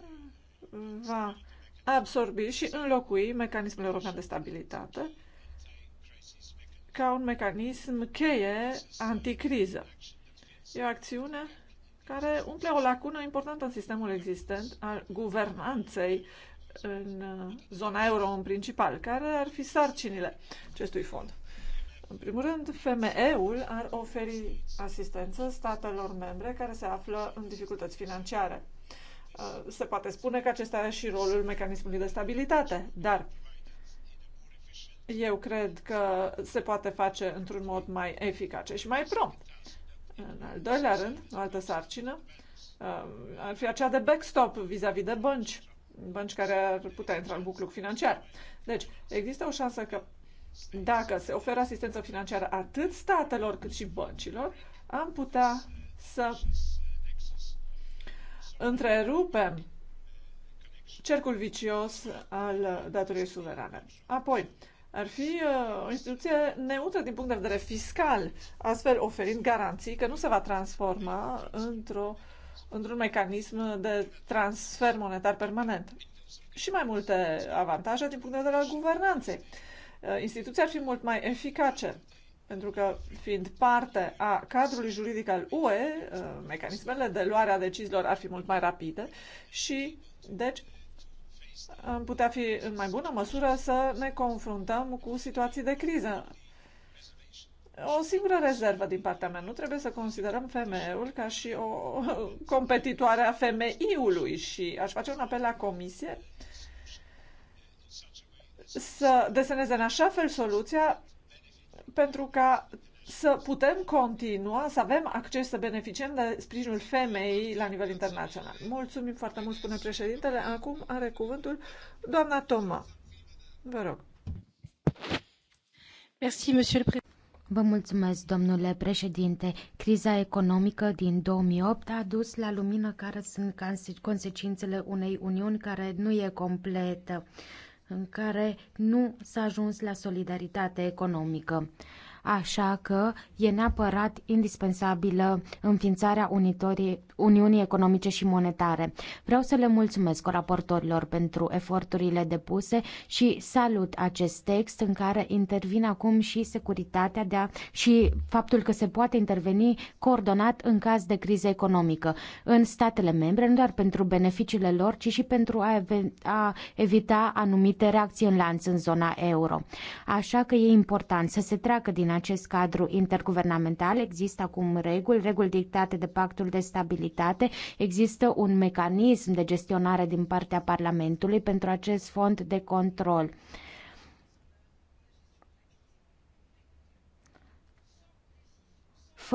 va absorbi și înlocui mecanismul european de stabilitate ca un mecanism cheie anticriză E o acțiune care umple o lacună importantă în sistemul existent al guvernanței în uh, zona euro în principal. Care ar fi sarcinile acestui fond? În primul rând, FME-ul ar oferi asistență statelor membre care se află în dificultăți financiare. Uh, se poate spune că acesta are și rolul mecanismului de stabilitate, dar eu cred că se poate face într-un mod mai eficace și mai prompt. În al doilea rând, o altă sarcină um, ar fi aceea de backstop vis-a-vis -vis de bănci, bănci care ar putea intra în bucluc financiar. Deci, există o șansă că dacă se oferă asistență financiară atât statelor cât și băncilor, am putea să întrerupem cercul vicios al datoriei suverane. Apoi, ar fi uh, o instituție neutră din punct de vedere fiscal, astfel oferind garanții că nu se va transforma într-o, într-un mecanism de transfer monetar permanent. Și mai multe avantaje din punct de vedere al guvernanței. Uh, instituția ar fi mult mai eficace, pentru că fiind parte a cadrului juridic al UE, uh, mecanismele de luare a deciziilor ar fi mult mai rapide și, deci, am putea fi în mai bună măsură să ne confruntăm cu situații de criză. O singură rezervă din partea mea. Nu trebuie să considerăm femeiul ca și o competitoare a femeiului și aș face un apel la comisie să deseneze în așa fel soluția pentru ca să putem continua, să avem acces, să beneficiem de sprijinul femeii la nivel internațional. Mulțumim foarte mult, spune președintele. Acum are cuvântul doamna Toma. Vă rog. Merci, monsieur le président. Vă mulțumesc, domnule președinte. Criza economică din 2008 a dus la lumină care sunt consecințele unei uniuni care nu e completă, în care nu s-a ajuns la solidaritate economică așa că e neapărat indispensabilă înființarea unitorii, Uniunii Economice și Monetare. Vreau să le mulțumesc raportorilor pentru eforturile depuse și salut acest text în care intervin acum și securitatea de a, și faptul că se poate interveni coordonat în caz de criză economică în statele membre, nu doar pentru beneficiile lor, ci și pentru a, a evita anumite reacții în lanț în zona euro. Așa că e important să se treacă din acest cadru interguvernamental. Există acum reguli, reguli dictate de Pactul de Stabilitate. Există un mecanism de gestionare din partea Parlamentului pentru acest fond de control.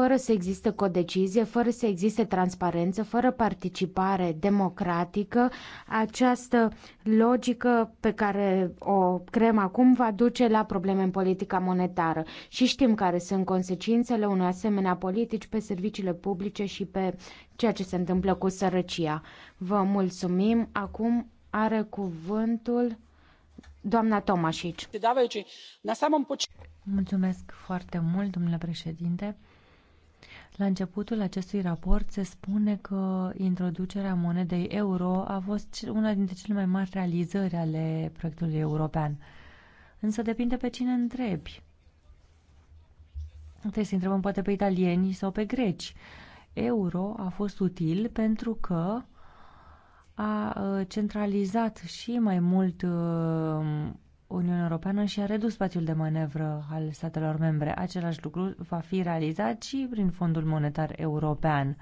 fără să existe codecizie, fără să existe transparență, fără participare democratică, această logică pe care o creăm acum va duce la probleme în politica monetară. Și știm care sunt consecințele unei asemenea politici pe serviciile publice și pe ceea ce se întâmplă cu sărăcia. Vă mulțumim. Acum are cuvântul doamna Tomașici. Mulțumesc foarte mult, domnule președinte. La începutul acestui raport se spune că introducerea monedei euro a fost una dintre cele mai mari realizări ale proiectului european. Însă depinde pe cine întrebi. Trebuie să întrebăm poate pe italieni sau pe greci. Euro a fost util pentru că a uh, centralizat și mai mult uh, Uniunea Europeană și-a redus spațiul de manevră al statelor membre. Același lucru va fi realizat și prin Fondul Monetar European.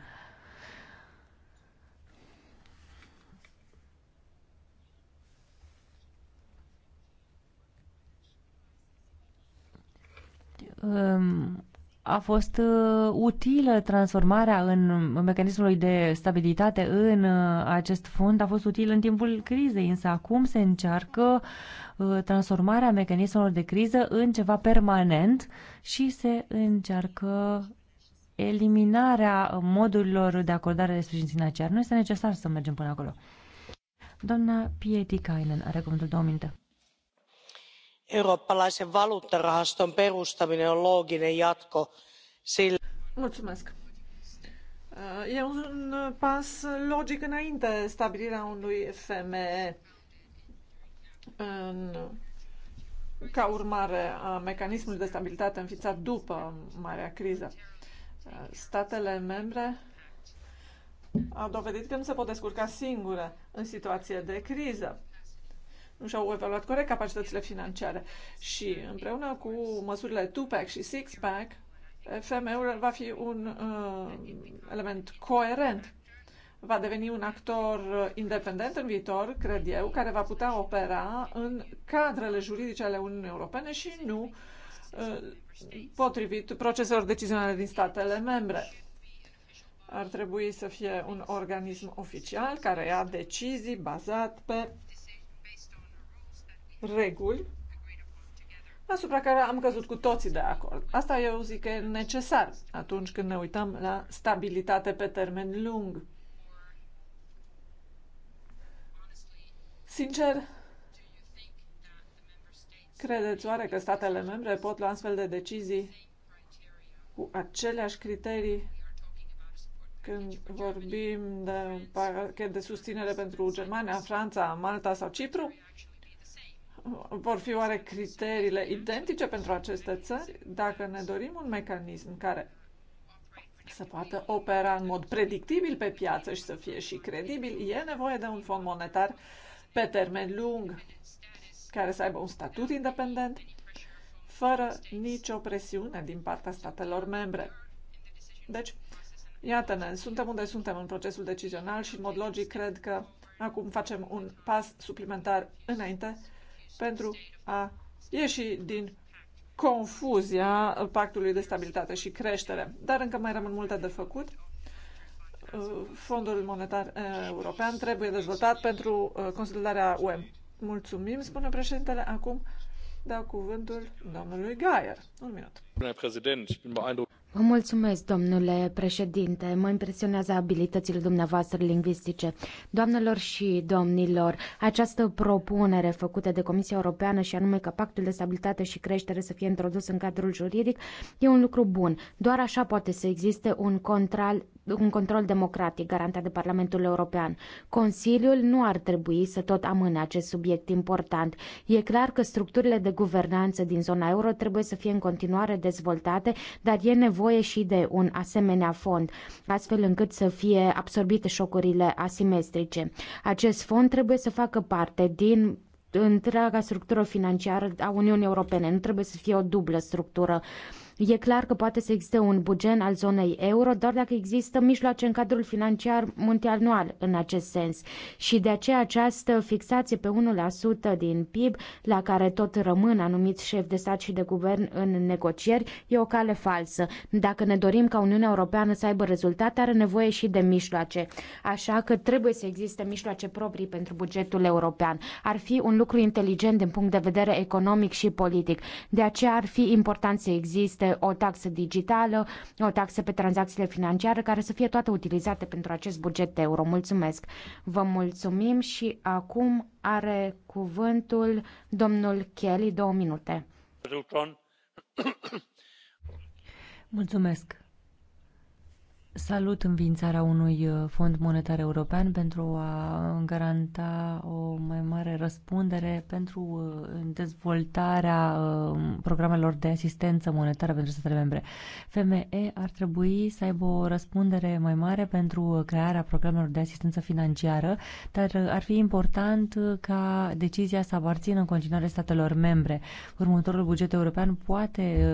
Um, a fost uh, utilă transformarea în mecanismului de stabilitate în uh, acest fond, a fost util în timpul crizei, însă acum se încearcă uh, transformarea mecanismelor de criză în ceva permanent și se încearcă eliminarea modurilor de acordare de sprijin financiar. Nu este necesar să mergem până acolo. Doamna Pieti Kainen are cuvântul două minute eurooppalaisen valuuttarahaston perustaminen on looginen jatko sille. Mulțumesc. E un pas logic înainte stabilirea unui FME în, ca urmare a mecanismului de stabilitate înființat după marea criză. Statele membre au dovedit că nu se pot descurca singure în situație de criză nu și-au evaluat corect capacitățile financiare. Și împreună cu măsurile 2-pack și 6-pack, FME-ul va fi un uh, element coerent. Va deveni un actor uh, independent în viitor, cred eu, care va putea opera în cadrele juridice ale Uniunii Europene și nu uh, potrivit proceselor decizionale din statele membre. Ar trebui să fie un organism oficial care ia decizii bazat pe reguli asupra care am căzut cu toții de acord. Asta eu zic că e necesar atunci când ne uităm la stabilitate pe termen lung. Sincer, credeți oare că statele membre pot lua astfel de decizii cu aceleași criterii când vorbim de un pachet de susținere pentru Germania, Franța, Malta sau Cipru? vor fi oare criteriile mm-hmm. identice pentru aceste țări? Dacă ne dorim un mecanism care să poată opera în mod predictibil pe piață și să fie și credibil, e nevoie de un fond monetar pe termen lung, care să aibă un statut independent, fără nicio presiune din partea statelor membre. Deci, iată-ne, suntem unde suntem în procesul decizional și, în mod logic, cred că acum facem un pas suplimentar înainte pentru a ieși din confuzia pactului de stabilitate și creștere. Dar încă mai rămân multe de făcut. Fondul Monetar European trebuie dezvoltat pentru uh, consolidarea UE. Mulțumim, spune președintele. Acum dau cuvântul domnului Gaier. Un minut. Vă mulțumesc, domnule președinte. Mă impresionează abilitățile dumneavoastră lingvistice. Doamnelor și domnilor, această propunere făcută de Comisia Europeană și anume că pactul de stabilitate și creștere să fie introdus în cadrul juridic e un lucru bun. Doar așa poate să existe un control un control democratic garantat de Parlamentul European. Consiliul nu ar trebui să tot amâne acest subiect important. E clar că structurile de guvernanță din zona euro trebuie să fie în continuare dezvoltate, dar e nevoie și de un asemenea fond, astfel încât să fie absorbite șocurile asimestrice. Acest fond trebuie să facă parte din întreaga structură financiară a Uniunii Europene. Nu trebuie să fie o dublă structură. E clar că poate să existe un buget al zonei euro, doar dacă există mijloace în cadrul financiar multianual în acest sens. Și de aceea această fixație pe 1% din PIB, la care tot rămân anumiți șefi de stat și de guvern în negocieri, e o cale falsă. Dacă ne dorim ca Uniunea Europeană să aibă rezultate, are nevoie și de mijloace. Așa că trebuie să existe mijloace proprii pentru bugetul european. Ar fi un lucru inteligent din punct de vedere economic și politic. De aceea ar fi important să existe este o taxă digitală, o taxă pe tranzacțiile financiare, care să fie toate utilizate pentru acest buget euro. Mulțumesc! Vă mulțumim și acum are cuvântul domnul Kelly, două minute. Mulțumesc! Salut înființarea unui uh, fond monetar european pentru a garanta o mai mare răspundere pentru uh, dezvoltarea uh, programelor de asistență monetară pentru statele membre. FME ar trebui să aibă o răspundere mai mare pentru crearea programelor de asistență financiară, dar ar fi important ca decizia să aparțină în continuare statelor membre. Următorul buget european poate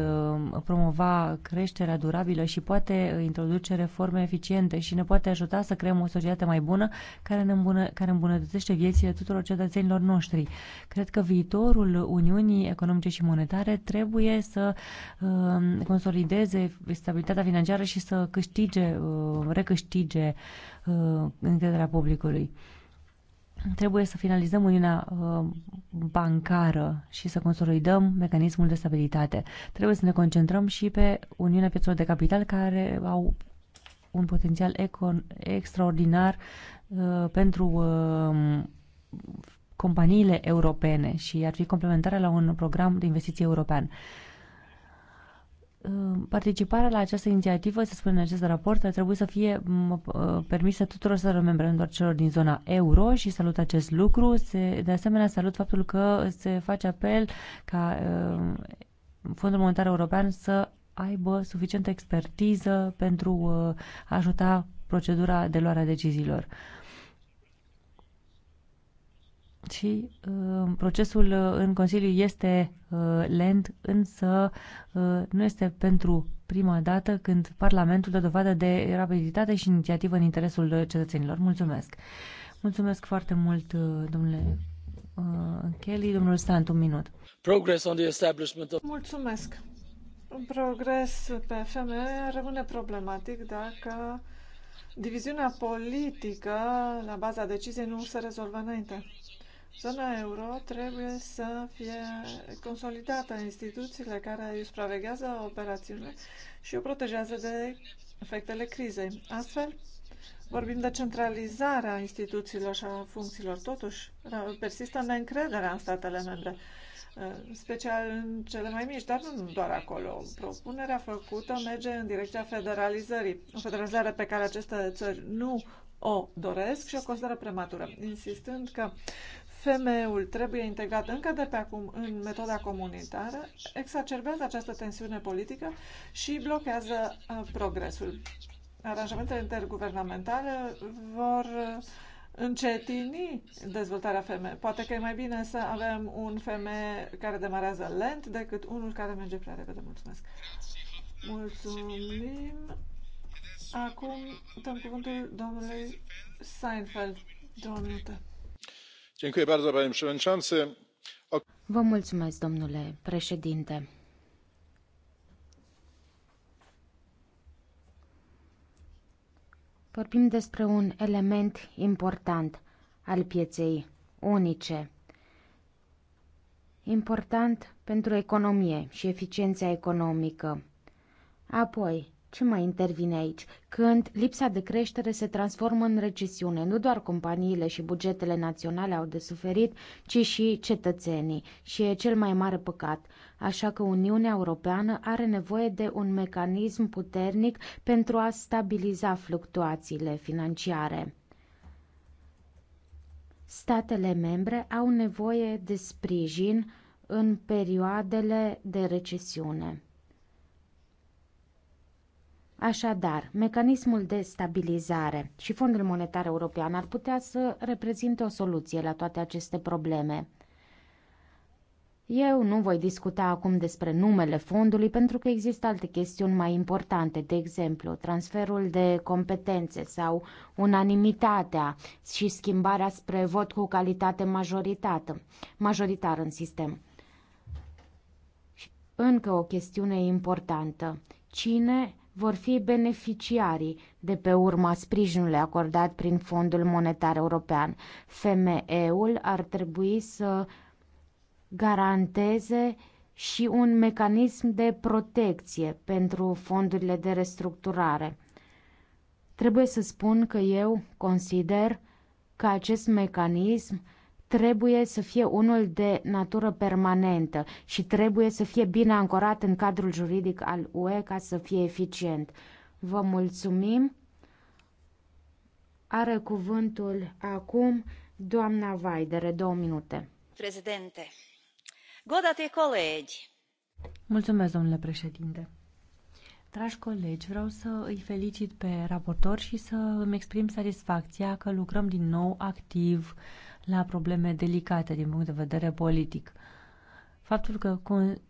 promova creșterea durabilă și poate introduce forme eficiente și ne poate ajuta să creăm o societate mai bună care, ne îmbună, care îmbunătățește viețile tuturor cetățenilor noștri. Cred că viitorul Uniunii Economice și Monetare trebuie să uh, consolideze stabilitatea financiară și să câștige, uh, recâștige uh, încrederea publicului trebuie să finalizăm uniunea uh, bancară și să consolidăm mecanismul de stabilitate. Trebuie să ne concentrăm și pe uniunea piețelor de capital care au un potențial econ, extraordinar uh, pentru uh, companiile europene și ar fi complementare la un program de investiții european. Uh, participarea la această inițiativă, se spune în acest raport, ar trebui să fie uh, permisă tuturor statelor membre, nu doar celor din zona euro și salut acest lucru. Se, de asemenea, salut faptul că se face apel ca uh, Fondul Monetar European să aibă suficientă expertiză pentru a uh, ajuta procedura de luare a deciziilor. Și uh, procesul uh, în Consiliu este uh, lent, însă uh, nu este pentru prima dată când Parlamentul dă dovadă de rapiditate și inițiativă în interesul uh, cetățenilor. Mulțumesc! Mulțumesc foarte mult, uh, domnule uh, Kelly. Domnul Stant, un minut. Mulțumesc! Un progres pe FME rămâne problematic dacă diviziunea politică la baza deciziei nu se rezolvă înainte. Zona euro trebuie să fie consolidată. Instituțiile care îi supraveghează operațiunile și o protejează de efectele crizei. Astfel, vorbim de centralizarea instituțiilor și a funcțiilor. Totuși, persistă neîncrederea în statele membre în special în cele mai mici, dar nu doar acolo. Propunerea făcută merge în direcția federalizării, o federalizare pe care aceste țări nu o doresc și o consideră prematură, insistând că femeul trebuie integrat încă de pe acum în metoda comunitară, exacerbează această tensiune politică și blochează uh, progresul. Aranjamentele interguvernamentale vor uh, încetini dezvoltarea femei. Poate că e mai bine să avem un femeie care demarează lent decât unul care merge prea repede. Mulțumesc! Mulțumim! Acum dăm cuvântul domnului Seinfeld. Două minute. Vă mulțumesc, domnule președinte. Vorbim despre un element important al pieței unice. Important pentru economie și eficiența economică. Apoi, ce mai intervine aici? Când lipsa de creștere se transformă în recesiune, nu doar companiile și bugetele naționale au de suferit, ci și cetățenii. Și e cel mai mare păcat. Așa că Uniunea Europeană are nevoie de un mecanism puternic pentru a stabiliza fluctuațiile financiare. Statele membre au nevoie de sprijin în perioadele de recesiune. Așadar, mecanismul de stabilizare și Fondul Monetar European ar putea să reprezinte o soluție la toate aceste probleme. Eu nu voi discuta acum despre numele fondului pentru că există alte chestiuni mai importante, de exemplu, transferul de competențe sau unanimitatea și schimbarea spre vot cu calitate majoritară, majoritar în sistem. Și încă o chestiune importantă. Cine vor fi beneficiarii de pe urma sprijinului acordat prin Fondul Monetar European. FME-ul ar trebui să garanteze și un mecanism de protecție pentru fondurile de restructurare. Trebuie să spun că eu consider că acest mecanism trebuie să fie unul de natură permanentă și trebuie să fie bine ancorat în cadrul juridic al UE ca să fie eficient. Vă mulțumim. Are cuvântul acum doamna Vaidere, două minute. Președinte, godate colegi. Mulțumesc, domnule președinte. Dragi colegi, vreau să îi felicit pe raportor și să îmi exprim satisfacția că lucrăm din nou activ uh, la probleme delicate din punct de vedere politic. Faptul că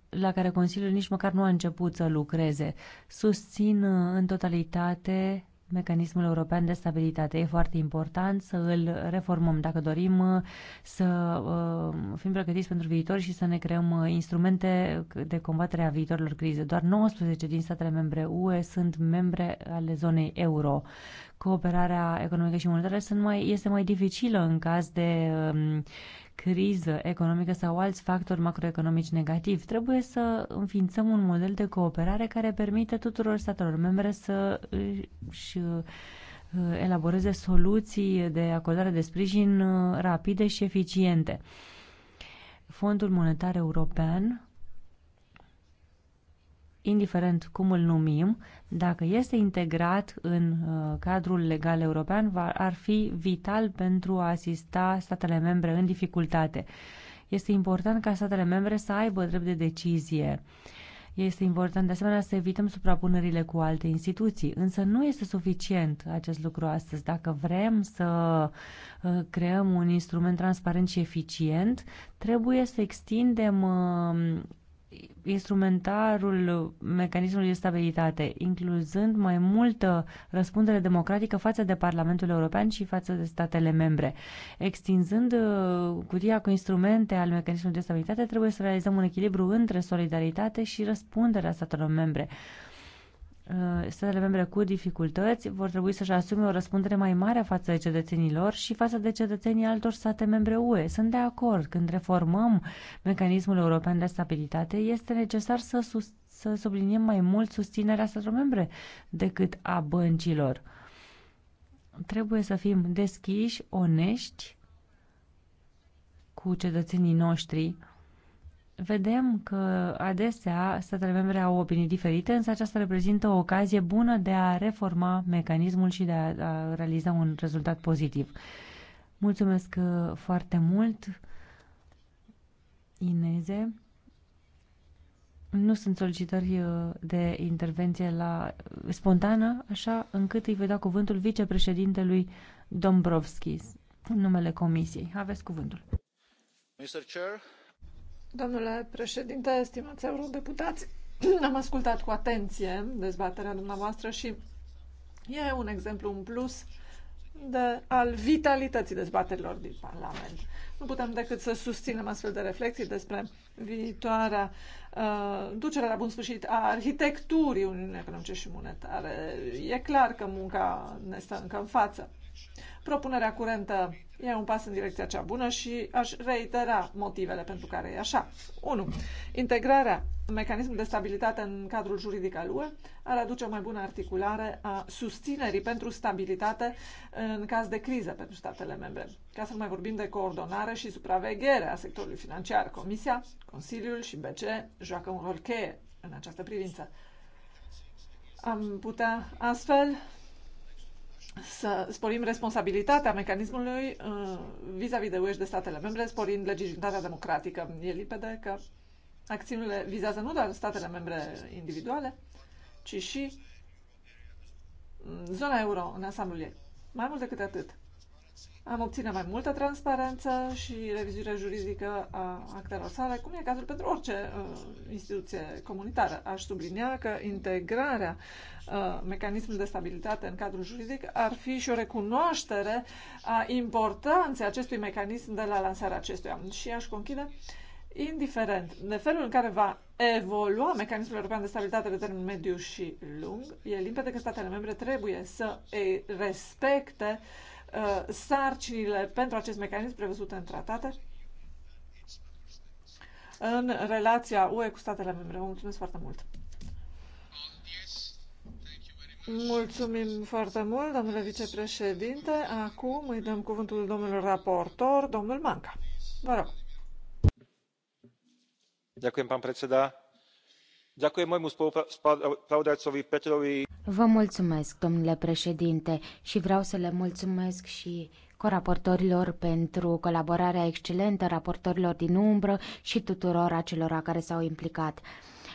la care Consiliul nici măcar nu a început să lucreze. Susțin uh, în totalitate mecanismul european de stabilitate. E foarte important să îl reformăm dacă dorim uh, să uh, fim pregătiți pentru viitor și să ne creăm uh, instrumente de combatere a viitorilor crize. Doar 19 din statele membre UE sunt membre ale zonei euro. Cooperarea economică și monetară sunt mai, este mai dificilă în caz de um, criză economică sau alți factori macroeconomici negativi. Trebuie să înființăm un model de cooperare care permite tuturor statelor membre să își uh, elaboreze soluții de acordare de sprijin uh, rapide și eficiente. Fondul Monetar European indiferent cum îl numim, dacă este integrat în uh, cadrul legal european, ar fi vital pentru a asista statele membre în dificultate. Este important ca statele membre să aibă drept de decizie. Este important de asemenea să evităm suprapunerile cu alte instituții, însă nu este suficient acest lucru astăzi. Dacă vrem să uh, creăm un instrument transparent și eficient, trebuie să extindem uh, instrumentarul mecanismului de stabilitate, incluzând mai multă răspundere democratică față de Parlamentul European și față de statele membre. Extinzând uh, cutia cu instrumente al mecanismului de stabilitate, trebuie să realizăm un echilibru între solidaritate și răspunderea statelor membre. Uh, statele membre cu dificultăți vor trebui să-și asume o răspundere mai mare față de cetățenilor și față de cetățenii altor state membre UE. Sunt de acord. Când reformăm mecanismul european de stabilitate, este necesar să, sus- să subliniem mai mult susținerea statelor membre decât a băncilor. Trebuie să fim deschiși, onești cu cetățenii noștri Vedem că adesea statele membre au opinii diferite, însă aceasta reprezintă o ocazie bună de a reforma mecanismul și de a, a realiza un rezultat pozitiv. Mulțumesc uh, foarte mult, Ineze. Nu sunt solicitări uh, de intervenție la uh, spontană, așa încât îi voi da cuvântul vicepreședintelui Dombrovskis, în numele Comisiei. Aveți cuvântul. Mr. Chair, Domnule președinte, stimați eurodeputați, am ascultat cu atenție dezbaterea dumneavoastră și e un exemplu în plus de, al vitalității dezbaterilor din Parlament. Nu putem decât să susținem astfel de reflexii despre viitoarea uh, ducerea la bun sfârșit a arhitecturii Uniunii Economice și Monetare. E clar că munca ne stă încă în față. Propunerea curentă e un pas în direcția cea bună și aș reitera motivele pentru care e așa. 1. Integrarea mecanismului de stabilitate în cadrul juridic al UE ar aduce o mai bună articulare a susținerii pentru stabilitate în caz de criză pentru statele membre. Ca să nu mai vorbim de coordonare și supraveghere a sectorului financiar, Comisia, Consiliul și BCE joacă un rol cheie în această privință. Am putea astfel să sporim responsabilitatea mecanismului uh, vis-a-vis -vis de UE de statele membre, sporind legitimitatea democratică. E limpede că acțiunile vizează nu doar statele membre individuale, ci și zona euro în ansamblul ei. Mai mult decât atât, am obținut mai multă transparență și revizuire juridică a actelor sale, cum e cazul pentru orice uh, instituție comunitară. Aș sublinia că integrarea uh, mecanismului de stabilitate în cadrul juridic ar fi și o recunoaștere a importanței acestui mecanism de la lansarea acestuia. Și aș conchide indiferent de felul în care va evolua mecanismul european de stabilitate pe termen mediu și lung, e limpede că statele membre trebuie să respecte uh, Uh, sarcinile pentru acest mecanism prevăzut în tratate în relația UE cu statele membre. Vă mulțumesc foarte mult! Mulțumim foarte mult, domnule vicepreședinte. Acum îi dăm cuvântul domnului raportor, domnul Manca. Vă rog. Ďakujem, pán predseda Vă mulțumesc, domnule președinte, și vreau să le mulțumesc și coraportorilor pentru colaborarea excelentă, raportorilor din umbră și tuturor acelora care s-au implicat.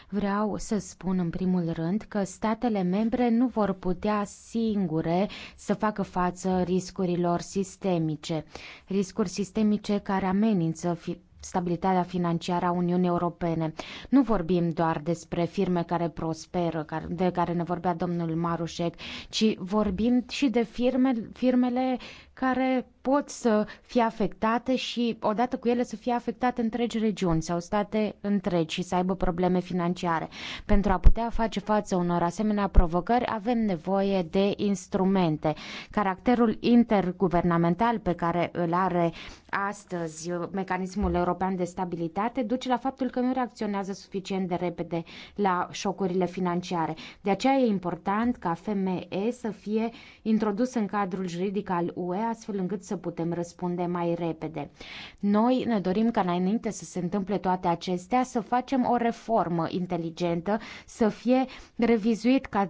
Vreau să spun în primul rând că statele membre nu vor putea singure să facă față riscurilor sistemice, riscuri sistemice care amenință fi stabilitatea financiară a Uniunii Europene. Nu vorbim doar despre firme care prosperă, de care ne vorbea domnul Marușec, ci vorbim și de firme, firmele care pot să fie afectate și odată cu ele să fie afectate întregi regiuni sau state întregi și să aibă probleme financiare. Pentru a putea face față unor asemenea provocări avem nevoie de instrumente. Caracterul interguvernamental pe care îl are astăzi mecanismul european de stabilitate duce la faptul că nu reacționează suficient de repede la șocurile financiare. De aceea e important ca FME să fie introdus în cadrul juridic al UE astfel încât să putem răspunde mai repede. Noi ne dorim ca înainte să se întâmple toate acestea să facem o reformă inteligentă, să fie revizuit ca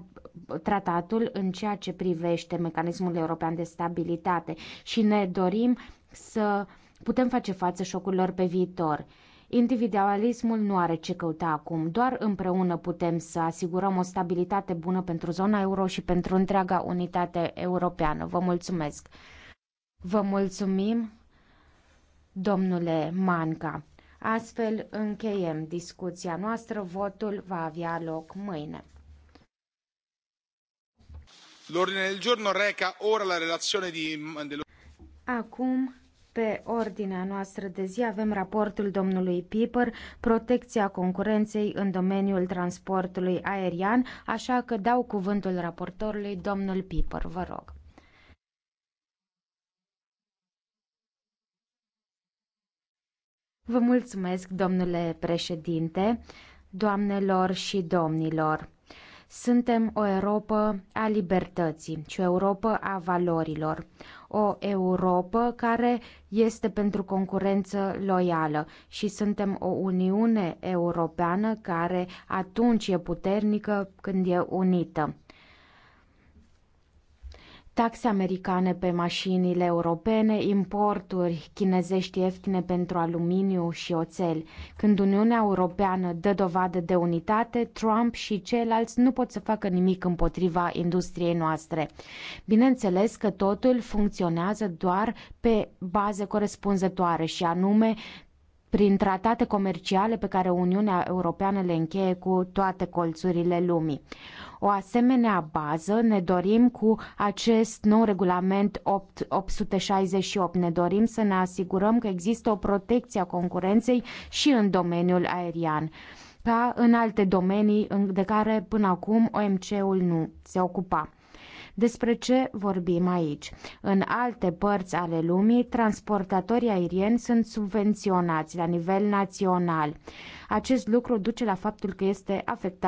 tratatul în ceea ce privește mecanismul european de stabilitate și ne dorim să putem face față șocurilor pe viitor. Individualismul nu are ce căuta acum, doar împreună putem să asigurăm o stabilitate bună pentru zona euro și pentru întreaga unitate europeană. Vă mulțumesc! Vă mulțumim, domnule Manca. Astfel încheiem discuția noastră. Votul va avea loc mâine. L'ordine del giorno reca ora la relazione di... Acum pe ordinea noastră de zi avem raportul domnului Piper, protecția concurenței în domeniul transportului aerian, așa că dau cuvântul raportorului domnul Piper, vă rog. Vă mulțumesc, domnule președinte, doamnelor și domnilor. Suntem o Europa a libertății și o Europa a valorilor. O Europa care este pentru concurență loială și suntem o Uniune Europeană care atunci e puternică când e unită taxe americane pe mașinile europene, importuri chinezești ieftine pentru aluminiu și oțel. Când Uniunea Europeană dă dovadă de unitate, Trump și ceilalți nu pot să facă nimic împotriva industriei noastre. Bineînțeles că totul funcționează doar pe baze corespunzătoare și anume prin tratate comerciale pe care Uniunea Europeană le încheie cu toate colțurile lumii. O asemenea bază ne dorim cu acest nou regulament 8, 868. Ne dorim să ne asigurăm că există o protecție a concurenței și în domeniul aerian ca în alte domenii de care până acum OMC-ul nu se ocupa. Despre ce vorbim aici? În alte părți ale lumii, transportatorii aerieni sunt subvenționați la nivel național. Acest lucru duce la faptul că este afectat